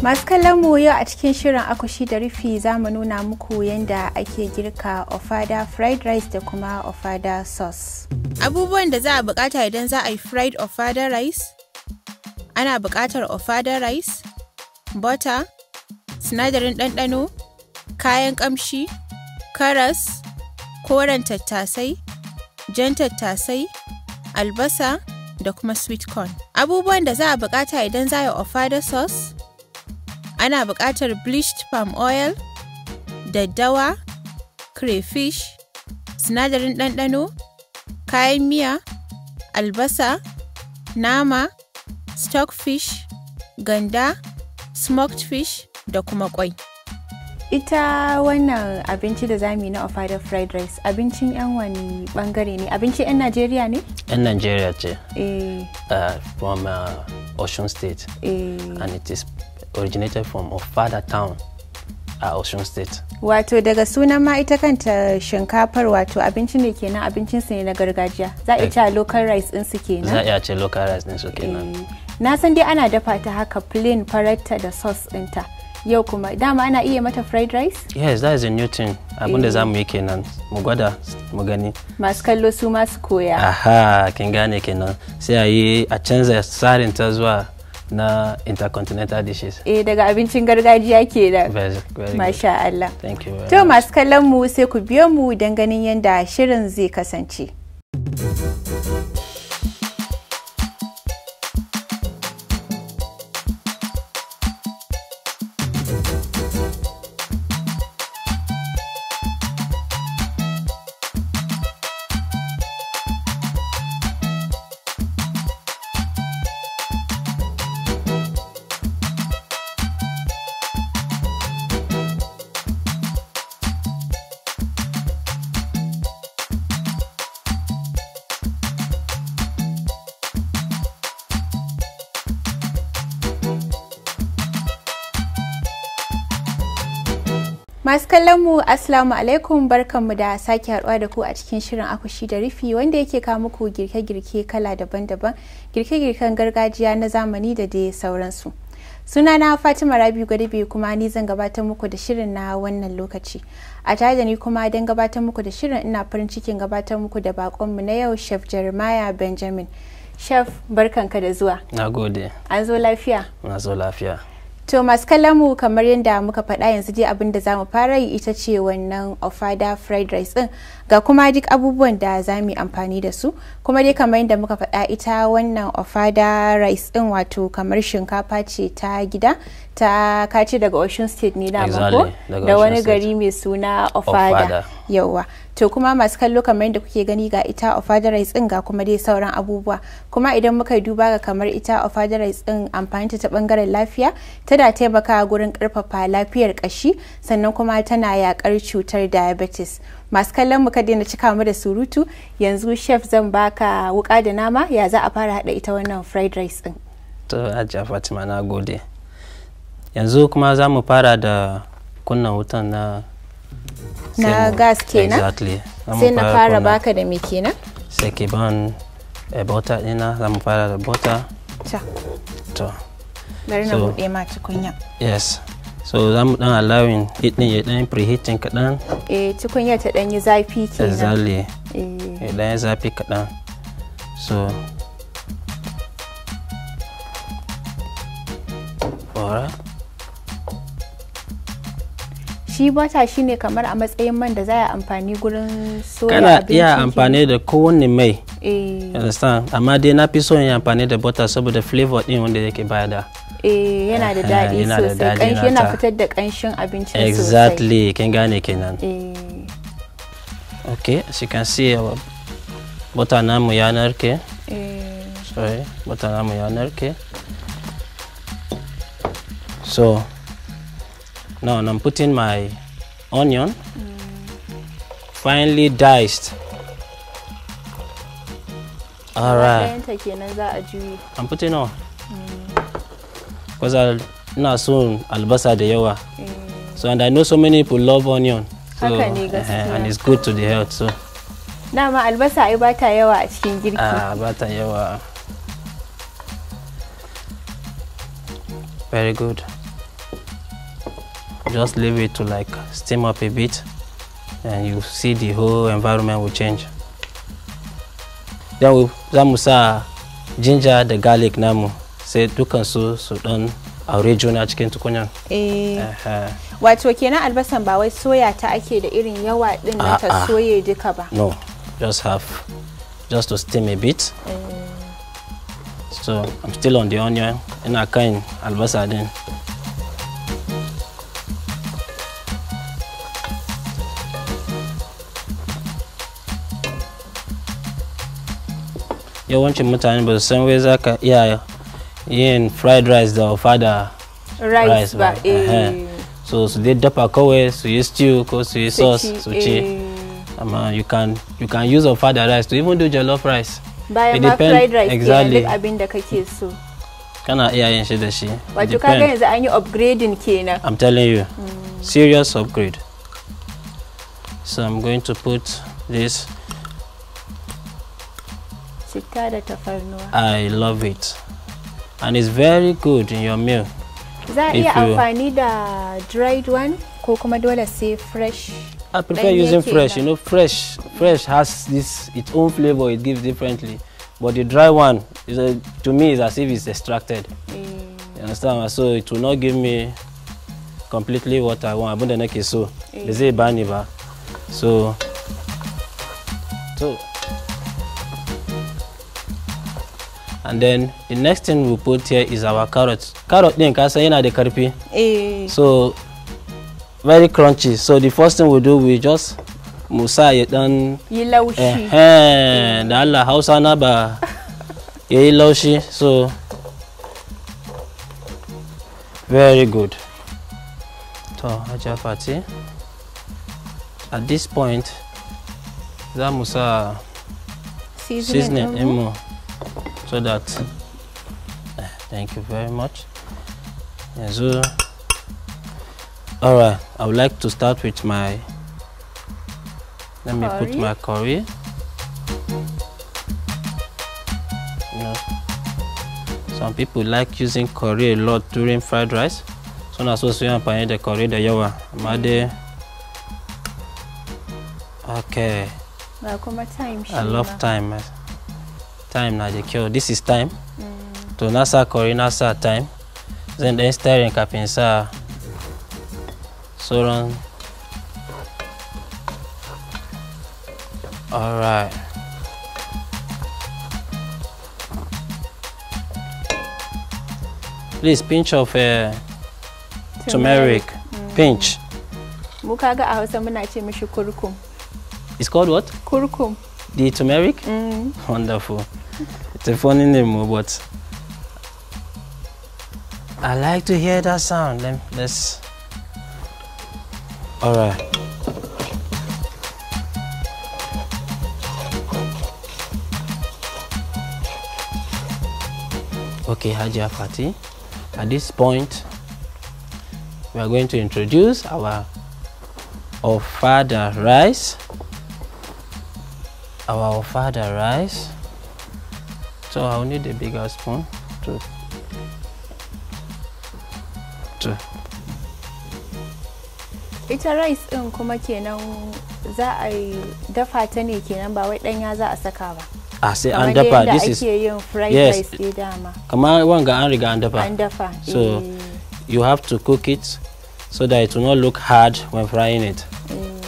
masu kallon mu yau a cikin shirin akushi da rufi za mu nuna muku yadda ake girka ofada fried rice da kuma ofada sauce abubuwan da za a bukata idan za a yi fried ofada rice ana bukatar ofada rice butter sinadarin ɗanɗano kayan ƙamshi karas koren tattasai jan tattasai albasa da kuma sweet corn. Abubuwan da za a buƙata idan za a ofada sauce, ana buƙatar bleached palm oil, daddawa, crayfish, sinadarin ɗanɗano, kayan miya, albasa, nama, stockfish, ganda, smoked fish da kuma ƙwai ita wannan abinci da zamu na ofada fried rice abincin yan wani bangare ne abincin yan najeriya ne yan najeriya ce eh uh, from uh, ocean state eh and it is originated from ofada town a uh, ocean state wato daga sunan ma ita kanta shinkafar wato abinci ne kenan abincin su ne na gargajiya za a ce local rice din su kenan za eh. a ce local rice din su kenan na san dai ana dafa ta haka plain farata da sauce dinta. yau kuma dama ana iya mata fried rice? yes that is a new thing abinda eh. za mu yi kenan mu gwada mu gani masu kallo su masu koya aha kin gane kenan sai a yi a canza tsarin ta zuwa na intercontinental dishes eh daga abincin gargajiya ke da masha Allah thank you to masu kallon mu sai ku biyo mu don ganin yadda shirin zai kasance Masu kallon mu Assalamu alaikum barkanmu da sake haɗuwa da ku a cikin shirin akushi da rufi wanda yake kawo muku girke-girke kala daban-daban girke-girken gargajiya na zamani da dai sauransu. suna na Fatima Rabi Gwadabe kuma ni zan gabatar muku da shirin na wannan lokaci. A tare da ni kuma don gabatar muku da shirin ina farin cikin gabatar muku da bakonmu na yau Chef Jeremiah Benjamin. Chef barkanka da zuwa. Na gode. An zo lafiya. Na zo lafiya. To masu kalamu kamar yadda muka faɗa yanzu dai abin da za mu fara yi ita ce wannan ofada fried rice ɗin ga kuma duk abubuwan da za mu amfani da su kuma dai kamar yadda muka faɗa ita wannan ofada rice din wato kamar shinkafa ce ta gida ta kace daga ocean state ne da mako da wani gari mai suna ofada yawa to kuma masu kallo kamar yadda kuke gani ga ita ofada rice din ga kuma dai sauran abubuwa kuma idan muka yi duba ga kamar ita ofada rice din amfani ta bangaren lafiya tana taimaka gurin karfafa lafiyar kashi sannan kuma tana yakar cutar diabetes masu kallon mu daina cika mu da surutu yanzu chef zan baka wuka da nama ya za a fara hada ita wannan fried rice din to ajiya fatima na gode yanzu kuma za mu fara da kunna wutan na na gas kenan exactly. sai na fara baka da me kenan sai ke ban e eh, bota dina za mu fara da bota ta to bari na bude ma tukunya yes so za mu dan allowing heat din ya dan preheating kaɗan eh ya ta dan yi zafi kenan exactly eh dan yi zafi kaɗan so fara shi bata shine kamar a matsayin man da za a amfani gurin soya kana iya amfani da kowanne mai eh understand amma dai na fi son yin amfani da butter saboda flavor din wanda yake da. Eh, yana da daɗi sosai yana fitar da sosai exactly kin gane kenan eh. okay as you can see ya narke eh. sorry ya narke so now I'm putting my onion mm. finely diced all right i'm putting on because i ina son albasa da yawa so and i know so many people love onion so uh, and it's good to the health so dama albasa ai ta yawa a cikin girki ah bata yawa very good just leave it to like steam up a bit and you see the whole environment will change then we zamu sa ginger the garlic namu sai dukansu su dan aure juna cikin tukunyan. Eh. Wato kenan albasan ba wai soya ta ake da irin yawa din na ta soye duka ba. No, just have just to steam a bit. Eh. So I'm still on the onion ina kan albasa din. Yawancin mutane ba su san wai za ka iya yin fried rice da ofada rice, ba eh. so su dai dafa kawai su yi stew ko su yi sauce su ce eh. amma you can you can use ofada rice to even do jollof rice baya ma fried rice exactly duk abin da kake so kana iya yin shi da shi wato kaga yanzu an yi upgrading kenan i'm telling you hmm. serious upgrade so i'm going to put this citta da tafarnuwa i love it and it's very good in your meal. you, if I need a dried one ko kuma say fresh? I prefer using fresh. You know, fresh fresh has this its own flavor it gives differently. But the dry one, is a, to me, is as if it's extracted. Mm. You understand? So it will not give me completely what I want. I make it so. They mm. say baniba. So, so. and then the next thing we put here is our carrot carrot din ka san yana da karfi eh. so very crunchy so the first thing we do we just musa ya dan yi laushi eh, eh da Allah Hausa na ba ya yi laushi so very good to aja fati at this point za mu sa seasoning ɗinmu so that eh, thank you very much yeah, so all right i would like to start with my let me put my curry know, some people like using curry a lot during fried rice so now, so so yan pa the curry the yawa amma dai okay I love time time na dey cure this is time to nasa kori nasa time then den staring kapin sa long. all right please pinch of uh, turmeric mm. pinch I kaga a hausa muna ce mishi kurkum it's called what kurkum the turmeric mm. wonderful it's a funny name, but I like to hear that sound. Let, let's. All right. Okay, Haji Fati. At this point, we are going to introduce our father rice. Our father rice. So I'll need a bigger spoon to, to. Ita rice ɗin kuma kenan za a dafa ta ne kenan ba wai ɗanya za a saka ba. Ah, sai an dafa this is ake yin fried yes. rice ɗin dama. Kamar wanga an riga an dafa. An dafa. So e. you have to cook it so that it will not look hard when frying it. Mm.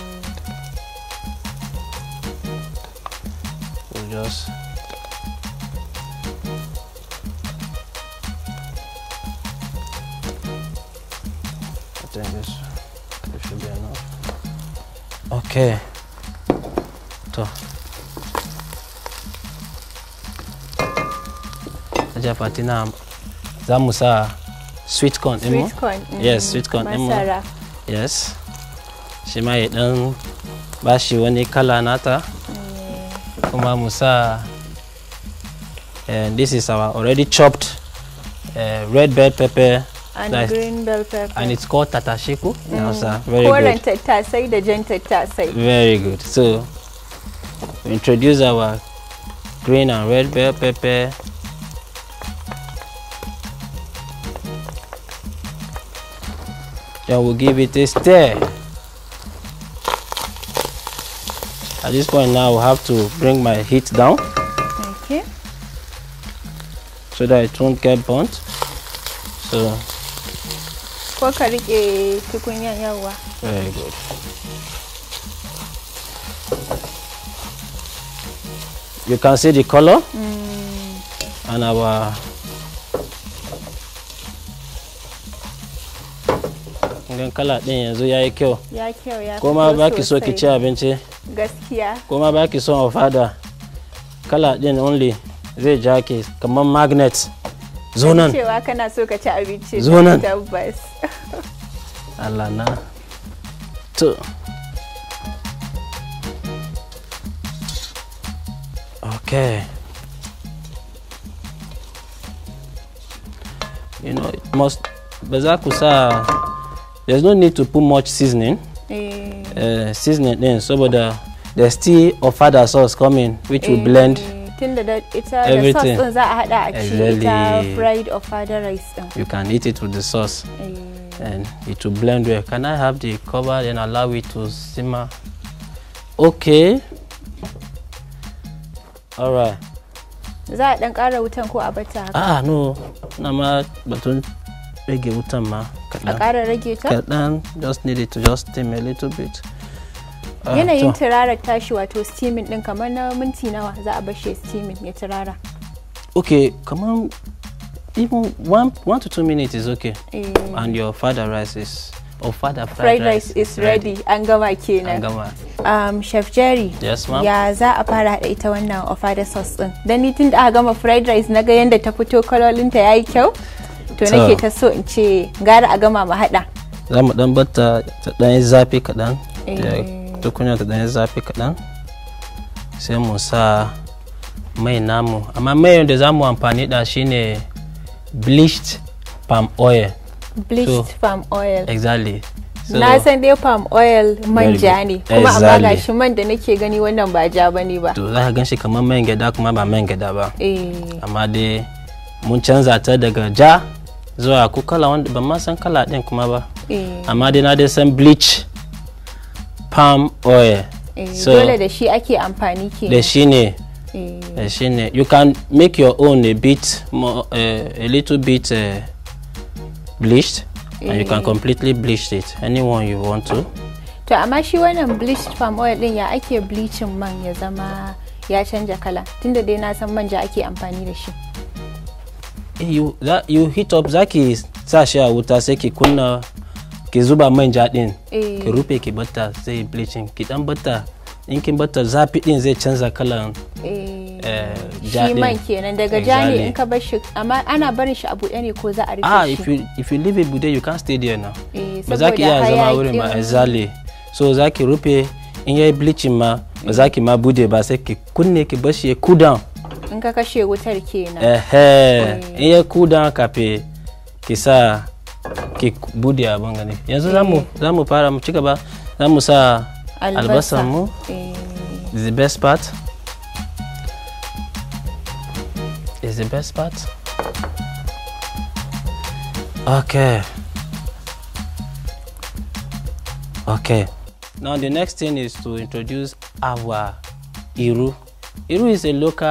We'll just okay to aja pati na zamu sa sweet corn Sweet corn. Mm-hmm. yes sweet corn din mu yes shi ma ya dan bashi wani kala nata eh. kuma musa and eh, this is our already chopped uh, red bell pepper and green bell pepper. And it's called tatashiku. Mm. sir. Very good. Very good. So, we introduce our green and red bell pepper. Then we'll give it a stir. At this point now, i have to bring my heat down. Okay. So that it won't get burnt. So ko ka rike tukunyan yawa very eh, good you can see the color mm. and our gan kala din yanzu yayi kyau ya kyau ya kuma ki so ki ci abinci gaskiya kuma ki so fada kala din only zai ja ki kamar magnet zo nan cewa kana so ka ci abinci zo nan Allah na to okay you know it must ba ku sa there's no need to put much seasoning mm. uh, seasoning din saboda there's still of ofada sauce coming which mm. will blend eh. tunda da ita da sauce din za a hada a ci ita fried or fried rice din you can eat it with the sauce eh. and it will blend well can i have the cover then allow it to simmer okay all right za a dan kara wutan ko a bata haka ah no na ma batun rage wutan ma kadan a kara rage ta kadan just need it to just steam a little bit Ah, yanayin turara tashi wato steaming din kamar na minti nawa za a bashe steaming ya turara okay kamar even one, one to two minutes is okay eh. and your father rice is or father fried, fried rice, rice is ready, ready. an gama kenan an gama um, chef jerry yes, ya za a fara haɗa ita wannan ofada sauce din dan ni tun da aka gama fried rice naga yanda ta fito kalolinta yayi kyau to nake ta so in ce gara a gama mu haɗa za mu dan batta ta dan zafi kaɗan eh. tukunya ta ɗanyi zafi kaɗan sai mu sa mai namu amma mai da za mu amfani da shine bleached palm oil bleached so, palm oil exactly so, na san dai palm oil manja ne kuma amma ga shi man da nake gani wannan ba ja ba ne ba to za ka gan shi kamar man gada kuma ba man gada ba eh. amma dai mun canza ta daga ja zuwa ku kala wanda ban ma san kala din kuma ba eh. amma dai na dai san bleach palm oil eh, so dole da shi ake amfani ke da shi ne eh. da shi ne you can make your own a bit more, uh, a little bit uh, bleached and you can completely bleach it anyone you want to to amma shi wannan bleached palm oil din ya ake bleaching man ya zama ya canja kala tunda dai na san manja ake amfani da shi you, that, you heat up zaki sa shi a wuta sai ki kunna ki zuba manja din eh. ki rufe ki batta zai bleaching ki dan batta in kin batta zafi din zai canza kalan eh. Eh, shi man kenan daga ja ne in ka bar shi amma ana barin shi a buɗe ne ko za a rufe shi ah if you if you leave it buɗe you can't stay there now ba za ki iya zama wurin ma exactly so za ki rufe in yayi bleaching ma ba za ki ma bude ba sai ki kunne ki bar shi ya cool down in ka kashe wutar kenan eh in ya cool down kafe ki sa muke bude abangani. gani yanzu za para, fara mu ci gaba za sa albasan mu eh. the best part is the best part okay okay now the next thing is to introduce our iru iru is a local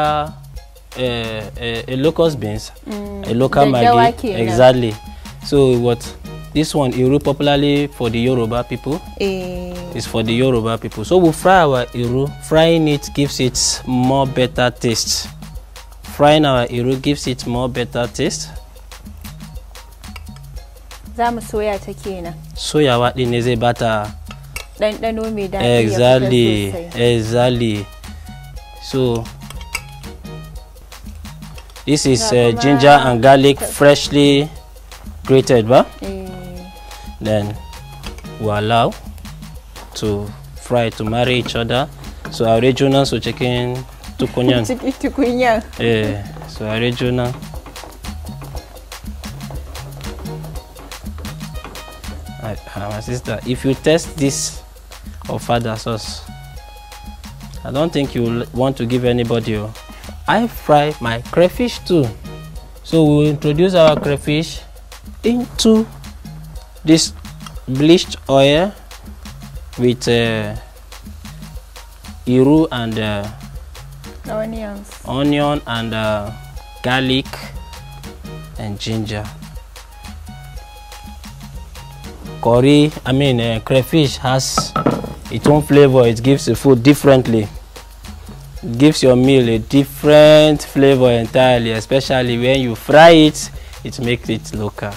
uh, eh, a, eh, a locust beans, mm, a local maggi. Exactly. So what this one, Iru, popularly for the Yoruba people. Eh. It's for the Yoruba people. So we fry our Iru. Frying it gives it more better taste. Frying our Iru gives it more better taste. Za soya ta Soya Soyawa ɗin butter. Then then we made that. Exactly, exactly. So, this is uh, ginger and garlic freshly grated, ba? Eh then we allow to fry to marry each other so our regional, so chicken tukunyan tukunyan yeah so our regional. Uh, my sister if you test this father sauce i don't think you want to give anybody oh. i fry my crayfish too so we we'll introduce our crayfish into this bleached oil with uh, iru and uh, onions onion and uh, garlic and ginger curry i mean uh, crayfish has its own flavor it gives the food differently it gives your meal a different flavor entirely especially when you fry it it makes it local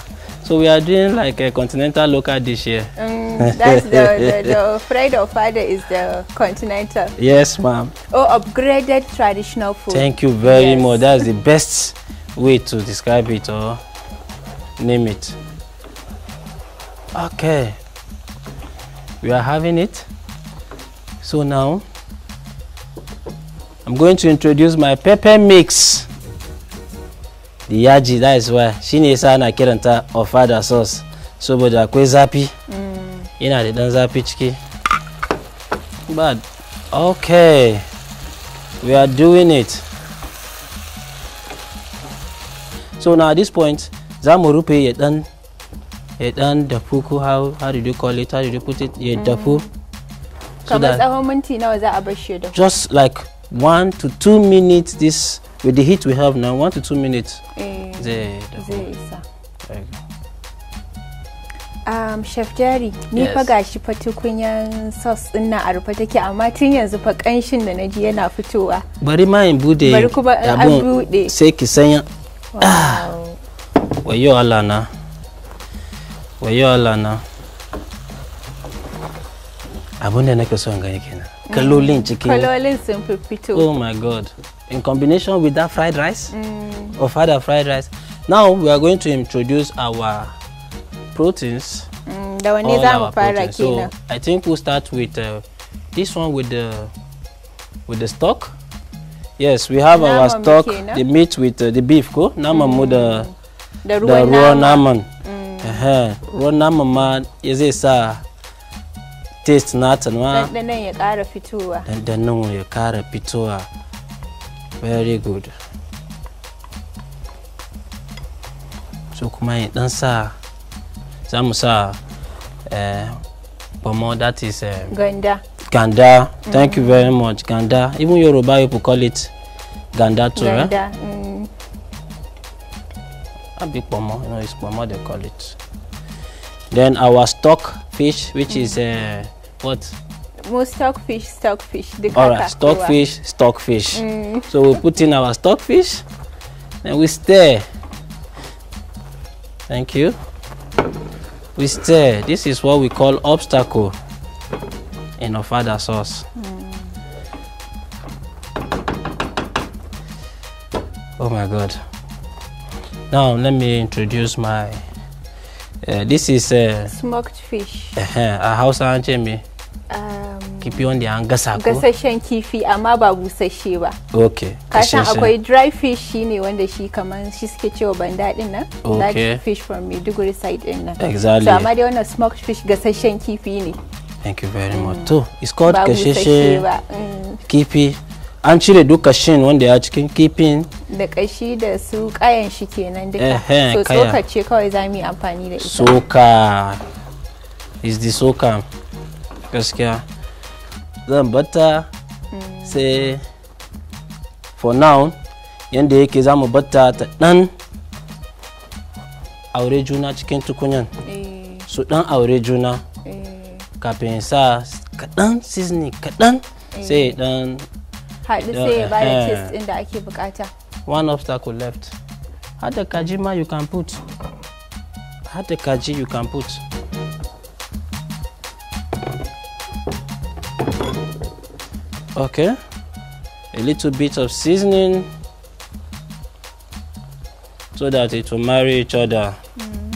so we are doing like a continental local dish here. Um, that's the, the, the fried of Friday is the continental. Yes, ma'am. Oh, upgraded traditional food. Thank you very yes. much. That's the best way to describe it or name it. Okay. We are having it. So now, I'm going to introduce my pepper mix. da yaji that is why shine yasa ana kiranta father sauce saboda akwai zafi yana da dan zafi ciki but okay we are doing it so now at this point za mu rufe ya dan ya dan dafu ko how how did you call it how did you put it ya dafu mm. kamar tsawon minti nawa za a bar shi ya dafu just like one to two minutes this with the heat we have now, one to two minutes eh, zai isa. Um, chef Jerry, ni fa gashi fa tukunyan sauce din nan a rufe take amma tun yanzu fa kanshin da naji yana fitowa. Bari ma in bude. Bari kuma an bude. Sai ki sanya. Ah! Wayo Allah na. Wayo Allah na. Abin da nake son gani kenan. Mm. Kalolin cikin. Kalolin sun fito. Oh my god. in combination with that fried rice mm. or further fried rice. Now we are going to introduce our proteins. Mm, all our proteins. So I think we'll start with uh, this one with the with the stock. Yes, we have nama our stock, the eh? meat with uh, the beef go Nama mm. the the raw naman. Mm. Uh-huh. Raw naman is yaze sa taste nata ma. Dandanan ya pitua. fitowa. Dandanan ya kara pitua. very good so kuma ya dan sa za sa eh, pomo that is eh, ganda ganda mm-hmm. thank you very much ganda even yoruba people call it ganda too eh? ganda. Eh? Mm. a big pomo you know it's pomo they call it then our stock fish which mm. is uh, what most stockfish, stockfish. The All right, stockfish, stockfish. Mm. So we put in our stockfish and we stir. Thank you. We stir. This is what we call obstacle in ofada sauce. Mm. Oh my God. Now let me introduce my. Uh, this is uh, smoked fish. Uh a house auntie me. Um, kifi wanda an gasa ko gasashen kifi amma ba busashe ba ok kasan akwai dry fish shine wanda shi kaman shi suke cewa ban din nan large fish from maiduguri side din nan exactly so amma dai wannan smoked fish gasashen kifi ne thank you very much to is called gasashe mm. kifi an cire duka kashin wanda ya cikin kifin da kashi da su kayan shi kenan duka so soka ce kawai za mu yi amfani da ita soka is the soka gaskiya zan batta sai for now yadda yake za mu batta ta dan aure juna cikin tukunyan eh. su dan aure juna eh. kafin sa kaɗan seasoning kaɗan eh. sai dan haɗu sai ya bada test inda da ake bukata one obstacle left hada kaji ma you can put hada kaji you can put okay a little bit of seasoning so that it will marry each other mm.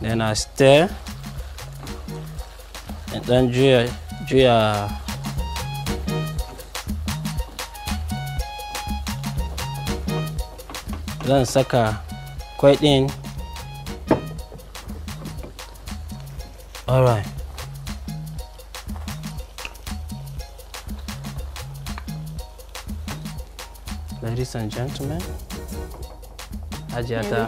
then I stir and then draw, draw then saka quite in. All right. Ladies and gentlemen, Ajata.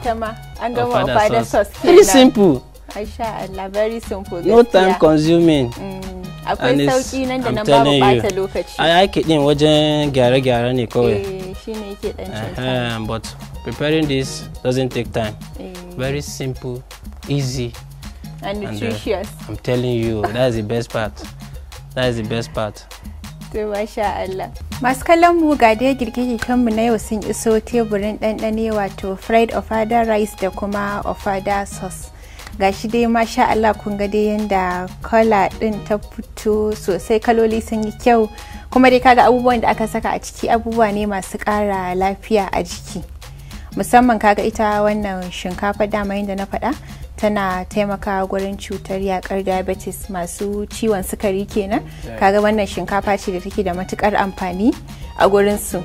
sauce. Very simple. Aisha Allah, very simple. No time consuming. Mm. Akwai sauki nan da nan babu bata lokaci. Ai ake din wajen gyare-gyare ne kawai. Eh, shine yake dan But preparing this doesn't take time. Eh. Very simple, easy. and nutritious. And, uh, I'm telling you, that's the best part. That's the best part. To masha Allah. Masu kallon mu ga dai girgigikan mu na yau sun iso teburin ɗanɗane wato fried of ofada rice da kuma of ofada sauce. gashi dai masha Allah kun ga dai yanda kala ɗin ta fito sosai kaloli sun yi kyau kuma dai kaga abubuwan da aka saka a ciki abubuwa ne masu ƙara lafiya a jiki musamman kaga ita wannan shinkafa dama yadda na faɗa tana taimakawa gurin cutar yakar diabetes masu ciwon sukari kenan kaga wannan shinkafa ce da take da matukar amfani a gurin su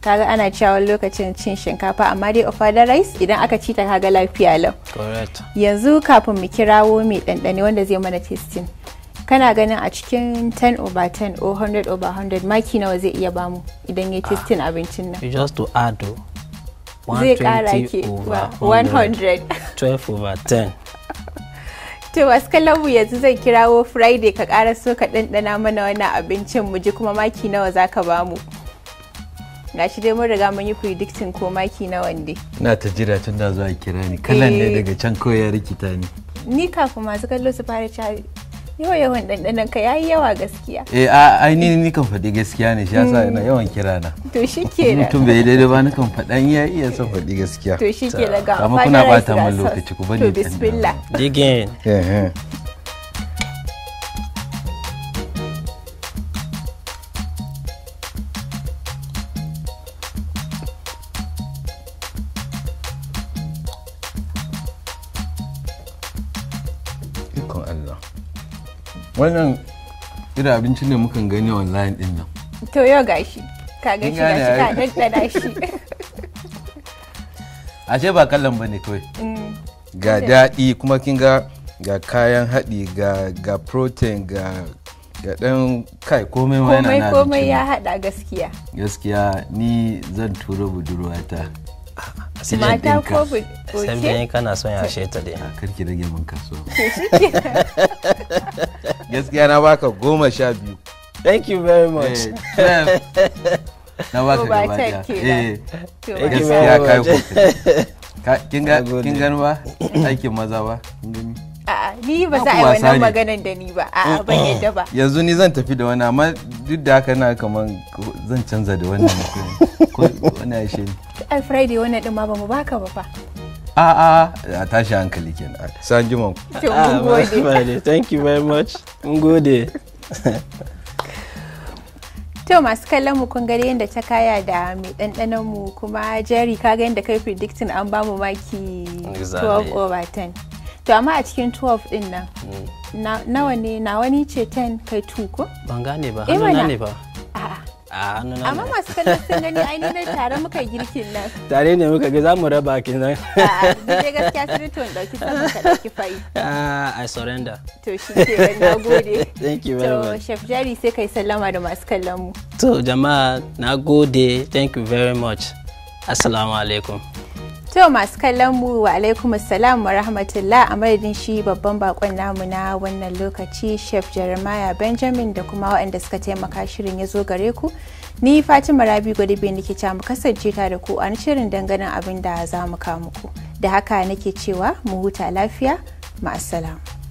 kaga ana cewa lokacin cin shinkafa amma dai of rice idan aka ci ta kaga lafiya lau yanzu kafin mu kirawo mai ɗanɗane wanda zai mana testing kana ganin a cikin 10 over 10 or 100 over 100 maki nawa zai iya bamu idan ya ah. testing abincin nan just to add oh. zai kara ke 100 12 over 10 to wasu kallonmu yanzu zai kirawo friday ka kara so ka ɗanɗana mana wannan abincin mu ji kuma maki nawa za ka bamu shi dai mun riga mun yi predicting ko maki nawa ne na ta jira tun da zuwa kira ni kalan ne eh. daga can kawai ya rikita ni ni kafin masu kallo su fara yawan yawan ɗanɗanon ka yayi yawa gaskiya eh a ni ni kan faɗi gaskiya ne shi yasa ina hmm. yawan kira na to shikenan mutum bai daidai ba ni nakan faɗan ya iya son faɗi gaskiya to shikenan ga amma kuna bata min lokaci ku bane to bismillah digin wannan irin abinci ne mukan gani online din nan to yau gashi ka gashi gashi ka daddada shi ashe ba kallon ba ne kawai mm. ga daɗi kuma kin ga ga kayan haɗi ga ga protein ga ga ɗan kai komai ma yana komai komai ya haɗa gaskiya gaskiya ni zan tura budurwata mata ko buke san biyan kana son ya yashe ta dai ah, ki rage min kaso gaskiya na baka goma sha biyu thank you very much eh, na baka gaba daya eh gaskiya kai kokari kin gani ba aikin maza ba kin gani ni ba za a yi wannan maganan da ni ba a ban yadda ba yanzu ni zan tafi da wani amma duk da haka na kaman zan canza da wannan mutum ko wani ashe ne ai friday wannan din ma ba mu baka ba fa a a tashi hankali kenan san jima ku thank you very much mun gode To masu kallon mu kun gani yadda ta kaya da mai ɗanɗanon mu kuma Jerry ka ga yadda kai predicting an ba mu maki 12 over 10. To amma a cikin 12 din nan mm. nawa ne na wani ce 10 kai 2 ko? Ban gane ba, eh, hannu ne ba. A'a. a hannu amma masu kallon sun gani ainihin tare muka girkin nan tare ne muka ga zamu raba ki nan a dai gaskiya sirito in dauki sama ka dauki fai a ah, i surrender to shi ke na gode thank you very much to chef jari sai kai sallama da masu kallon mu to jama'a na gode thank you very much assalamu alaikum To masu kallon mu wa alaikum assalam wa rahmatullah a madadin shi babban bakon namu na wannan lokaci Chef Jeremiah Benjamin da kuma waɗanda suka taimaka shirin ya zo gare ku. Ni Fatima Rabi Gwadibe nake ta mu kasance ta da ku a shirin dangane abin da za mu kawo muku. Da haka nake cewa mu huta lafiya ma'assalam.